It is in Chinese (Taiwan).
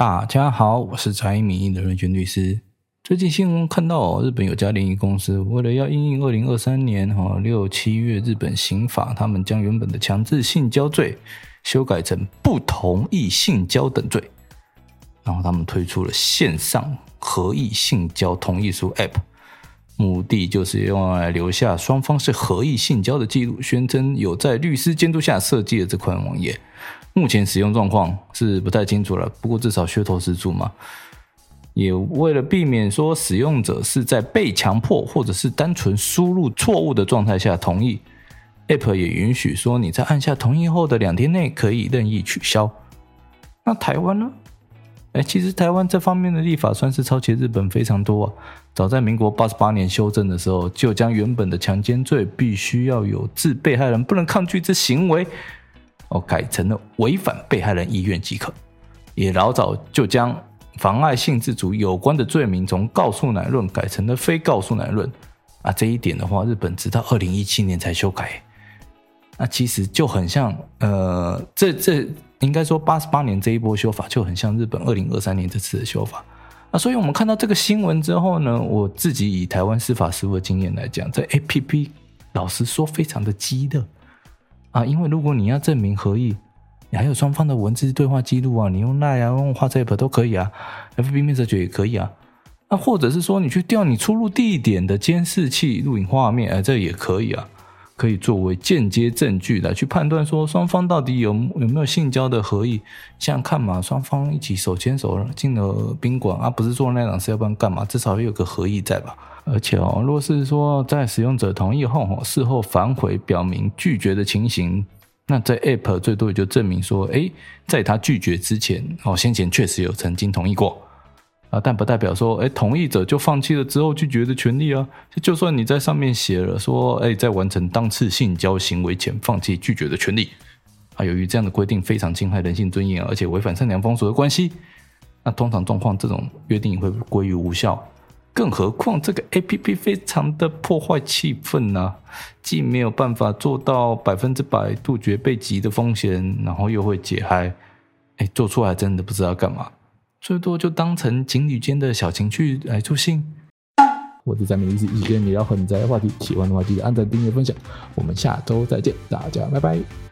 大家好，我是宅米的任軒律師。最近新聞看到、哦，日本有家聯誼公司，為了要因應應二零二三年哈六七月日本刑法，他們將原本的強制性交罪修改成不同意性交等罪，然後他們推出了線上合意性交同意書 app，目的就是用來留下雙方是合意性交的記錄，宣稱有在律師監督下設計的這款網頁。目前使用狀況是不太清楚了，不過至少噱頭十足嘛。也為了避免說使用者是在被強迫或者是單純輸入錯誤的狀態下同意，App 也允許說你在按下同意後的兩天內可以任意取消。那台灣呢？誒，其實台灣這方面的立法算是超前日本非常多啊。早在民國八十八年修正的時候，就將原本的強姦罪必須要有致被害人不能抗拒之行為。哦，改成了違反被害人意願即可，也老早就將妨礙性自主有關的罪名從告訴乃論改成了非告訴乃論啊，這一點的話，日本直到二零一七年才修改。那、啊、其實就很像，呃，這這應該說八十八年這一波修法就很像日本二零二三年這次的修法。那、啊、所以我們看到這個新聞之後呢，我自己以台灣司法實務的經驗來講，這 APP 老實說非常的雞肋。啊，因為如果你要證明合意，你還有雙方的文字對話記錄啊，你用 Line 啊，用 WhatsApp 都可以啊，FB Messenger 也可以啊，那、啊、或者是說你去調你出入地點的監視器錄影畫面，啊、呃、這也可以啊。可以作為間接證據來去判斷說雙方到底有有沒有性交的合意，像看嘛，雙方一起手牽手進了賓館，啊，不是做那檔事要不然幹嘛？至少也有個合意在吧。而且哦，如果是說在使用者同意後哦，事後反悔表明拒絕的情形，那在 App 最多也就證明說，誒、欸，在他拒絕之前哦，先前確實有曾經同意過。啊，但不代表說，哎，同意者就放棄了之後拒絕的權利啊。就算你在上面寫了說，哎，在完成當次性交行為前放棄拒絕的權利，啊，由於這樣的規定非常侵害人性尊嚴，而且違反善良風俗的關係，那通常狀況這種約定也會歸於無效。更何況這個 APP 非常的破壞氣氛呢、啊，既沒有辦法做到百分之百杜絕被急的風險，然後又會解嗨，哎，做出來真的不知道幹嘛。最多就當成情侶間的小情趣來助興。我是宅米律師，一起跟你聊很宅的話題。喜歡的話記得按讚、訂閱、分享。我們下周再見，大家拜拜。